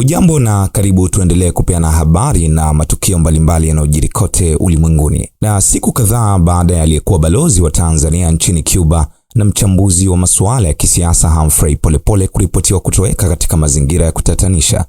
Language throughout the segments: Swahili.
Hujambo na karibu, tuendelee kupeana habari na matukio mbalimbali yanayojiri kote ulimwenguni. Na siku kadhaa baada ya aliyekuwa balozi wa Tanzania nchini Cuba na mchambuzi wa masuala ya kisiasa Humphrey Polepole kuripotiwa kutoweka katika mazingira ya kutatanisha,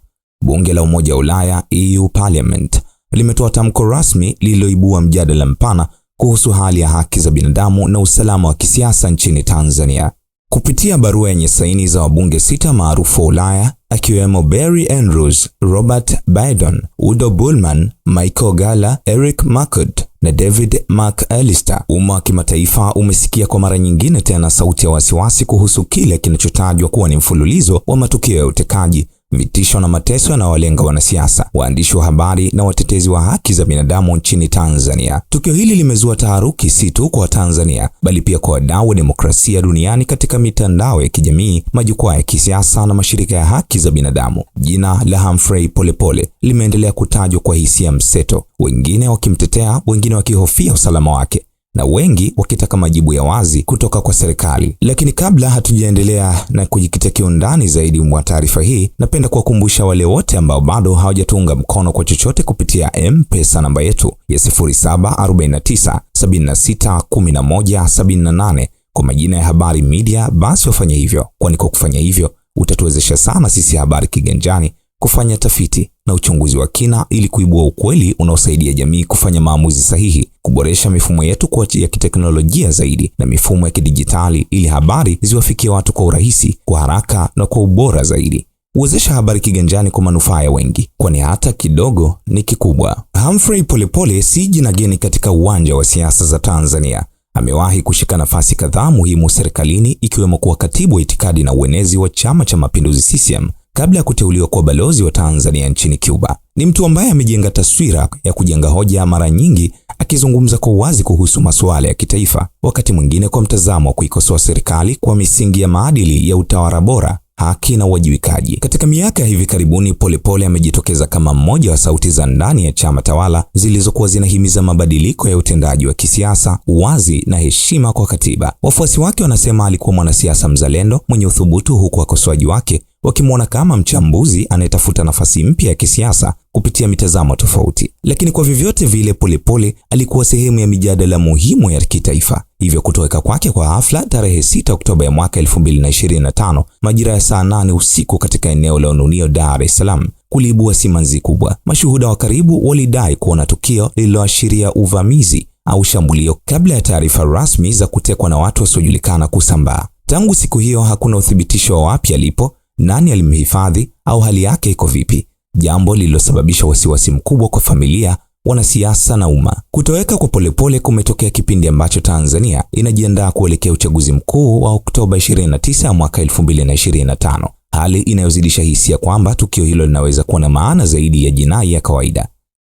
bunge la Umoja wa Ulaya EU Parliament limetoa tamko rasmi lililoibua mjadala mpana kuhusu hali ya haki za binadamu na usalama wa kisiasa nchini Tanzania kupitia barua yenye saini za wabunge sita maarufu wa Ulaya akiwemo Barry Andrews, Robert Biden, Udo Bullman, Michael Gala, Eric Markert na David McAllister. Umma wa kimataifa umesikia kwa mara nyingine tena sauti ya wasiwasi kuhusu kile kinachotajwa kuwa ni mfululizo wa matukio ya utekaji Vitisho na mateso yanawalenga wanasiasa, waandishi wa habari na watetezi wa haki za binadamu nchini Tanzania. Tukio hili limezua taharuki si tu kwa Tanzania bali pia kwa wadau wa demokrasia duniani katika mitandao ya kijamii, majukwaa ya kisiasa na mashirika ya haki za binadamu. Jina la Humphrey Polepole limeendelea kutajwa kwa hisia mseto, wengine wakimtetea, wengine wakihofia usalama wake na wengi wakitaka majibu ya wazi kutoka kwa serikali. Lakini kabla hatujaendelea na kujikita kiundani zaidi mwa taarifa hii, napenda kuwakumbusha wale wote ambao bado hawajatunga mkono kwa chochote kupitia M-Pesa namba yetu ya 0749761178 kwa majina ya Habari Media, basi wafanye hivyo, kwani kwa kufanya hivyo utatuwezesha sana sisi Habari Kiganjani kufanya tafiti na uchunguzi wa kina ili kuibua ukweli unaosaidia jamii kufanya maamuzi sahihi, kuboresha mifumo yetu kwa ya kiteknolojia zaidi na mifumo ya kidijitali ili habari ziwafikie watu kwa urahisi, kwa haraka na kwa ubora zaidi. Uwezesha habari kiganjani kwa manufaa ya wengi, kwani hata kidogo ni kikubwa. Humphrey Polepole si jina geni katika uwanja wa siasa za Tanzania. Amewahi kushika nafasi kadhaa muhimu serikalini ikiwemo kuwa katibu wa itikadi na uenezi wa Chama cha Mapinduzi CCM Kabla ya kuteuliwa kuwa balozi wa Tanzania nchini Cuba, ni mtu ambaye amejenga taswira ya kujenga hoja, mara nyingi akizungumza kwa uwazi kuhusu masuala ya kitaifa, wakati mwingine kwa mtazamo wa kuikosoa serikali kwa misingi ya maadili ya utawala bora haki na uwajibikaji. Katika miaka ya hivi karibuni, Polepole amejitokeza kama mmoja wa sauti za ndani ya chama tawala zilizokuwa zinahimiza mabadiliko ya utendaji wa kisiasa, uwazi na heshima kwa katiba. Wafuasi wake wanasema alikuwa mwanasiasa mzalendo mwenye uthubutu, huku wakosoaji wake wakimwona kama mchambuzi anayetafuta nafasi mpya ya kisiasa kupitia mitazamo tofauti. Lakini kwa vyovyote vile, Polepole alikuwa sehemu ya mijadala muhimu ya kitaifa, hivyo kutoweka kwake kwa hafla tarehe 6 Oktoba ya mwaka 2025 majira ya saa 8 usiku katika eneo la Ununio, Dar es Salaam kuliibua simanzi kubwa. Mashuhuda wa karibu walidai kuona tukio lililoashiria uvamizi au shambulio kabla ya taarifa rasmi za kutekwa na watu wasiojulikana kusambaa. Tangu siku hiyo hakuna uthibitisho wa wapi alipo nani alimhifadhi au hali yake iko vipi, jambo lililosababisha wasiwasi mkubwa kwa familia, wanasiasa na umma. Kutoweka kwa Polepole kumetokea kipindi ambacho Tanzania inajiandaa kuelekea uchaguzi mkuu wa Oktoba 29 mwaka 2025, hali inayozidisha hisia kwamba tukio hilo linaweza kuwa na maana zaidi ya jinai ya kawaida.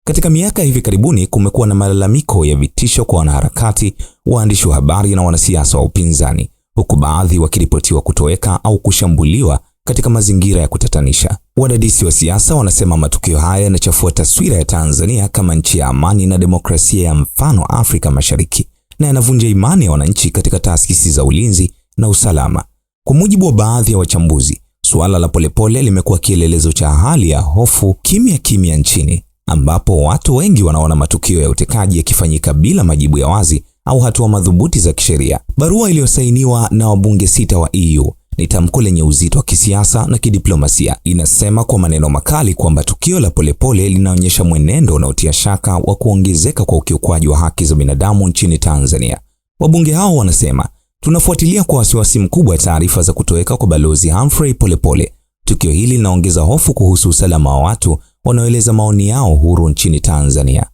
Katika miaka hivi karibuni kumekuwa na malalamiko ya vitisho kwa wanaharakati, waandishi wa habari na wanasiasa wa upinzani, huku baadhi wakiripotiwa kutoweka au kushambuliwa katika mazingira ya kutatanisha. Wadadisi wa siasa wanasema matukio haya yanachafua taswira ya Tanzania kama nchi ya amani na demokrasia ya mfano Afrika Mashariki na yanavunja imani ya wananchi katika taasisi za ulinzi na usalama. Kwa mujibu wa baadhi ya wachambuzi, suala la Polepole limekuwa kielelezo cha hali ya hofu kimya kimya nchini, ambapo watu wengi wanaona matukio ya utekaji yakifanyika bila majibu ya wazi au hatua madhubuti za kisheria. Barua iliyosainiwa na wabunge sita wa EU ni tamko lenye uzito wa kisiasa na kidiplomasia. Inasema kwa maneno makali kwamba tukio la Polepole linaonyesha mwenendo unaotia shaka wa kuongezeka kwa ukiukwaji wa haki za binadamu nchini Tanzania. Wabunge hao wanasema, tunafuatilia kwa wasiwasi mkubwa taarifa za kutoweka kwa Balozi Humphrey Polepole. Tukio hili linaongeza hofu kuhusu usalama wa watu wanaoeleza maoni yao huru nchini Tanzania.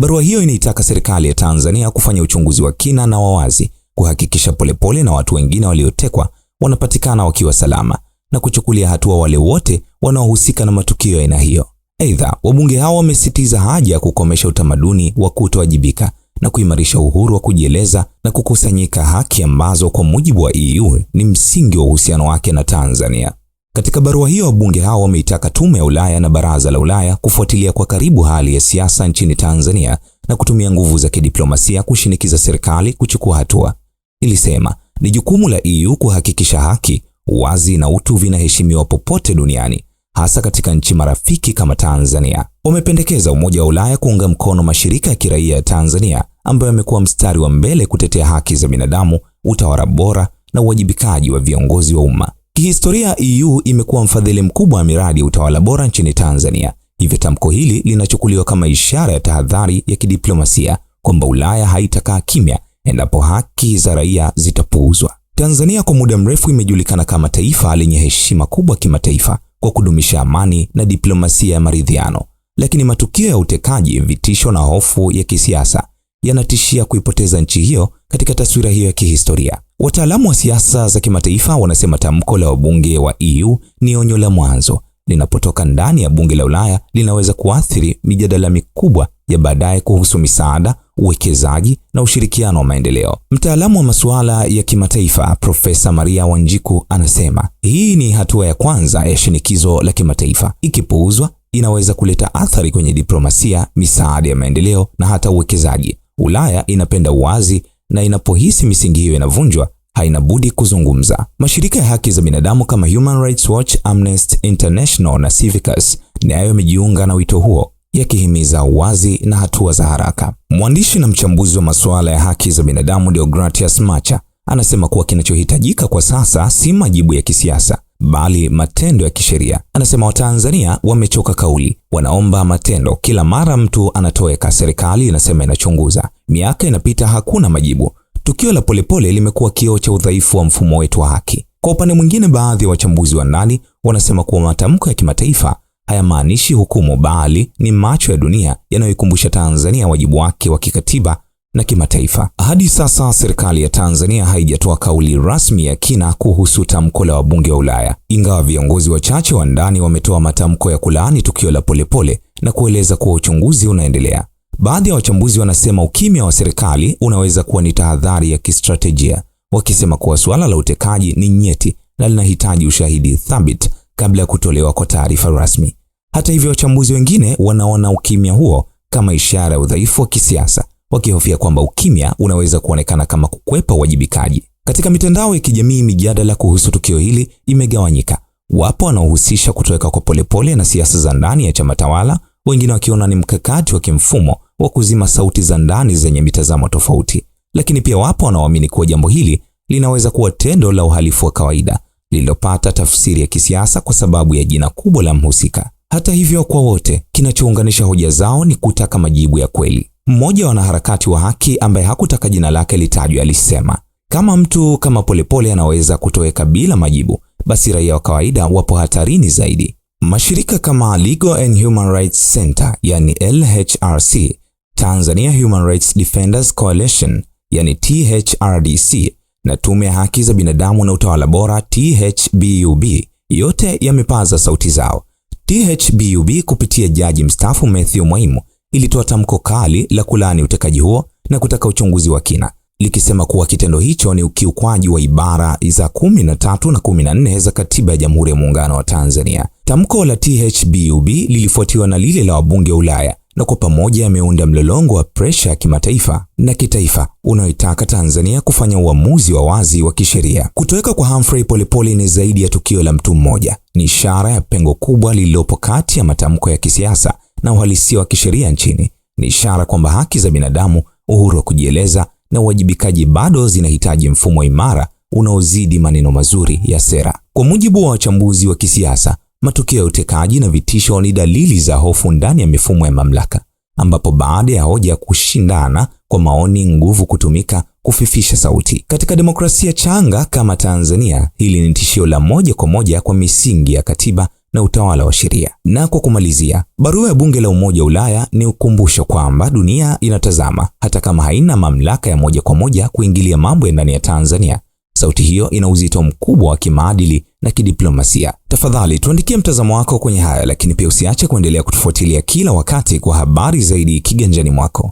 Barua hiyo inaitaka serikali ya Tanzania kufanya uchunguzi wa kina na wawazi kuhakikisha Polepole na watu wengine waliotekwa wanapatikana wakiwa salama na kuchukulia hatua wale wote wanaohusika na matukio ya aina hiyo. Aidha, wabunge hao wamesisitiza haja ya kukomesha utamaduni wa kutowajibika na kuimarisha uhuru wa kujieleza na kukusanyika, haki ambazo kwa mujibu wa EU ni msingi wa uhusiano wake na Tanzania. Katika barua hiyo, wabunge hao wameitaka Tume ya Ulaya na Baraza la Ulaya kufuatilia kwa karibu hali ya siasa nchini Tanzania na kutumia nguvu za kidiplomasia kushinikiza serikali kuchukua hatua. Ilisema ni jukumu la EU kuhakikisha haki, uwazi na utu vinaheshimiwa popote duniani, hasa katika nchi marafiki kama Tanzania. Wamependekeza Umoja wa Ulaya kuunga mkono mashirika ya kiraia ya Tanzania ambayo yamekuwa mstari wa mbele kutetea haki za binadamu, utawala bora na uwajibikaji wa viongozi wa umma. Kihistoria, EU imekuwa mfadhili mkubwa wa miradi ya utawala bora nchini Tanzania. Hivyo tamko hili linachukuliwa kama ishara ya tahadhari ya kidiplomasia kwamba Ulaya haitakaa kimya endapo haki za raia zitapuuzwa. Tanzania kwa muda mrefu imejulikana kama taifa lenye heshima kubwa kimataifa kwa kudumisha amani na diplomasia ya maridhiano, lakini matukio ya utekaji, vitisho na hofu ya kisiasa yanatishia kuipoteza nchi hiyo katika taswira hiyo ya kihistoria. Wataalamu wa siasa za kimataifa wanasema tamko la wabunge wa EU ni onyo la mwanzo linapotoka ndani ya bunge la Ulaya linaweza kuathiri mijadala mikubwa ya baadaye kuhusu misaada, uwekezaji na ushirikiano wa maendeleo. Mtaalamu wa masuala ya kimataifa Profesa Maria Wanjiku anasema hii ni hatua ya kwanza ya shinikizo la kimataifa. Ikipuuzwa, inaweza kuleta athari kwenye diplomasia, misaada ya maendeleo na hata uwekezaji. Ulaya inapenda uwazi na inapohisi misingi hiyo inavunjwa haina budi kuzungumza. Mashirika ya haki za binadamu kama Human Rights Watch, Amnesty International na Civicus nayo yamejiunga na wito huo yakihimiza uwazi na hatua za haraka. Mwandishi na mchambuzi wa masuala ya haki za binadamu Deogratias Macha anasema kuwa kinachohitajika kwa sasa si majibu ya kisiasa bali matendo ya kisheria. Anasema Watanzania wamechoka kauli, wanaomba matendo. Kila mara mtu anatoweka, serikali inasema inachunguza, miaka inapita, hakuna majibu. Tukio la Polepole limekuwa kioo cha udhaifu wa mfumo wetu wa haki. Kwa upande mwingine, baadhi ya wachambuzi wa ndani wanasema kuwa matamko ya kimataifa hayamaanishi hukumu, bali ni macho ya dunia yanayoikumbusha Tanzania wajibu wake wa kikatiba na kimataifa. Hadi sasa serikali ya Tanzania haijatoa kauli rasmi ya kina kuhusu tamko la wabunge wa Ulaya, ingawa viongozi wachache wa ndani wametoa matamko ya kulaani tukio la Polepole na kueleza kuwa uchunguzi unaendelea. Baadhi ya wachambuzi wanasema ukimya wa serikali unaweza kuwa ni tahadhari ya kistratejia, wakisema kuwa suala la utekaji ni nyeti na linahitaji ushahidi thabiti kabla ya kutolewa kwa taarifa rasmi. Hata hivyo, wachambuzi wengine wanaona ukimya huo kama ishara ya udhaifu wa kisiasa, wakihofia kwamba ukimya unaweza kuonekana kama kukwepa uwajibikaji. Katika mitandao ya kijamii, mijadala kuhusu tukio hili imegawanyika. Wapo wanaohusisha kutoweka kwa Polepole na siasa za ndani ya chama tawala, wengine wakiona ni mkakati wa kimfumo wa kuzima sauti za ndani zenye mitazamo tofauti. Lakini pia wapo wanaoamini kuwa jambo hili linaweza kuwa tendo la uhalifu wa kawaida, lililopata tafsiri ya kisiasa kwa sababu ya jina kubwa la mhusika. Hata hivyo, kwa wote, kinachounganisha hoja zao ni kutaka majibu ya kweli. Mmoja wa wanaharakati wa haki ambaye hakutaka jina lake litajwe alisema, kama mtu kama Polepole anaweza kutoweka bila majibu, basi raia wa kawaida wapo hatarini zaidi. Mashirika kama Legal and Human Rights Center yani LHRC, Tanzania Human Rights Defenders Coalition yani THRDC na Tume ya Haki za Binadamu na Utawala Bora THBUB yote yamepaza sauti zao. THBUB kupitia jaji mstaafu Matthew Mwaimu ilitoa tamko kali la kulaani utekaji huo na kutaka uchunguzi wa kina, likisema kuwa kitendo hicho ni ukiukwaji wa ibara za 13 na 14 za Katiba ya Jamhuri ya Muungano wa Tanzania. Tamko la THBUB lilifuatiwa na lile la wabunge wa Ulaya na kwa pamoja ameunda mlolongo wa presha ya kimataifa na kitaifa unaoitaka Tanzania kufanya uamuzi wa wazi wa kisheria. Kutoweka kwa Humphrey Polepole ni zaidi ya tukio la mtu mmoja, ni ishara ya pengo kubwa lililopo kati ya matamko ya kisiasa na uhalisia wa kisheria nchini. Ni ishara kwamba haki za binadamu, uhuru wa kujieleza na uwajibikaji bado zinahitaji mfumo imara unaozidi maneno mazuri ya sera. Kwa mujibu wa wachambuzi wa kisiasa, Matukio ya utekaji na vitisho ni dalili za hofu ndani ya mifumo ya mamlaka, ambapo baada ya hoja ya kushindana kwa maoni, nguvu kutumika kufifisha sauti. Katika demokrasia changa kama Tanzania, hili ni tishio la moja kwa moja kwa misingi ya katiba na utawala wa sheria. Na kwa kumalizia, barua ya bunge la Umoja wa Ulaya ni ukumbusho kwamba dunia inatazama, hata kama haina mamlaka ya moja kwa moja kuingilia mambo ya ndani ya Tanzania. Sauti hiyo ina uzito mkubwa wa kimaadili na kidiplomasia. Tafadhali tuandikie mtazamo wako kwenye haya, lakini pia usiache kuendelea kutufuatilia kila wakati kwa habari zaidi kiganjani mwako.